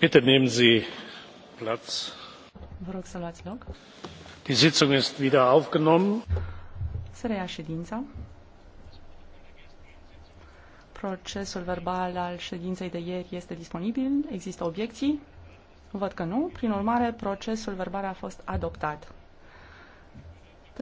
Bitte nehmen Sie Platz. să loc. Die Sitzung ist wieder aufgenommen. Procesul verbal al ședinței de ieri este disponibil. Există obiecții? Văd că nu. Prin urmare, procesul verbal a fost adoptat.